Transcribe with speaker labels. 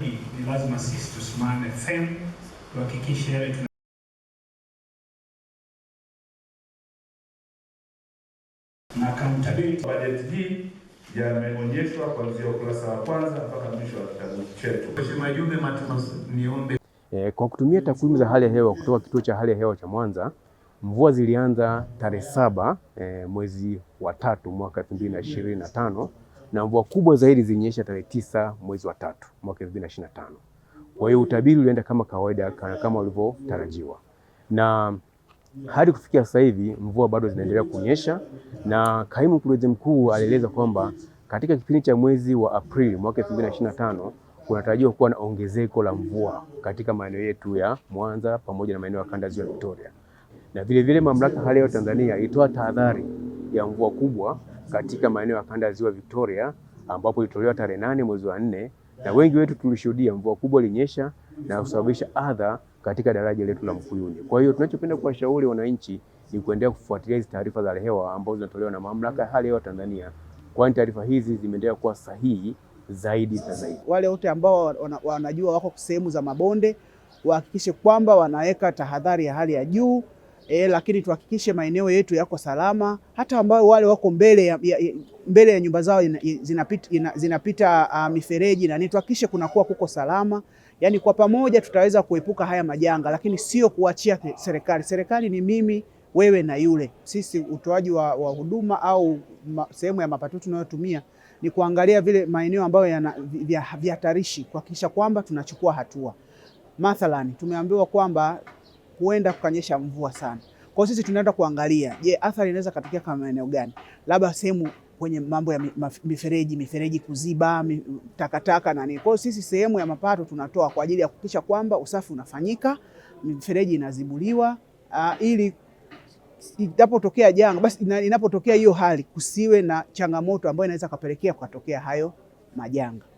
Speaker 1: Ni lazima sisi tusimame fem tuhakikishe yale tuna na accountability. Bajeti hii yameonyeshwa kuanzia ukurasa wa kwanza mpaka mwisho wa kitabu chetu. Mheshimiwa Jumbe Matumas, niombe
Speaker 2: e, kwa kutumia takwimu za hali ya hewa kutoka kituo cha hali ya hewa cha Mwanza, mvua zilianza tarehe saba e, mwezi wa tatu mwaka 2025 na mvua kubwa zaidi zilinyesha tarehe tisa mwezi wa tatu mwaka tano. Kwa hiyo utabiri ulienda kama kawaida kama ulivyotarajiwa, na hadi kufikia sasa hivi mvua bado zinaendelea kunyesha, na kaimu mkurugenzi mkuu alieleza kwamba katika kipindi cha mwezi wa Aprili mwaka tano kunatarajiwa kuwa na ongezeko la mvua katika maeneo yetu ya Mwanza pamoja na maeneo ya kanda Ziwa Victoria, na vilevile mamlaka hali ya hewa Tanzania ilitoa tahadhari ya mvua kubwa katika maeneo ya kanda ya ziwa Victoria ambapo ilitolewa tarehe nane mwezi wa nne na wengi wetu tulishuhudia mvua kubwa ilinyesha na kusababisha adha katika daraja letu la Mkuyuni. Kwa hiyo tunachopenda kuwashauri wananchi ni kuendelea kufuatilia hizi taarifa za hewa ambazo zinatolewa na mamlaka ya hali ya hewa Tanzania, kwani taarifa hizi zimeendelea kuwa sahihi zaidi na zaidi.
Speaker 3: Wale wote ambao wanajua wako sehemu za mabonde wahakikishe kwamba wanaweka tahadhari ya hali ya juu e, lakini tuhakikishe maeneo yetu yako salama, hata ambao wale wako mbele ya, ya, mbele ya nyumba zao zinapita, ina, zinapita uh, mifereji na nini, tuhakikishe kunakuwa kuko salama. Yaani kwa pamoja tutaweza kuepuka haya majanga, lakini sio kuachia serikali. Serikali ni mimi wewe na yule. Sisi utoaji wa, wa huduma au sehemu ya mapato tunayotumia ni kuangalia vile maeneo ambayo yana vihatarishi, kuhakikisha kwamba tunachukua hatua. Mathalani tumeambiwa kwamba huenda kukanyesha mvua sana. Kwa sisi tunaenda kuangalia, je, athari inaweza katokea kama maeneo gani, labda sehemu kwenye mambo ya mifereji mifereji kuziba takataka na nini. Kwa sisi sehemu ya mapato tunatoa kwa ajili ya kuhakikisha kwamba usafi unafanyika, mifereji inazibuliwa, uh, ili inapotokea janga basi, inapotokea hiyo hali kusiwe na changamoto ambayo inaweza kapelekea kutokea hayo majanga.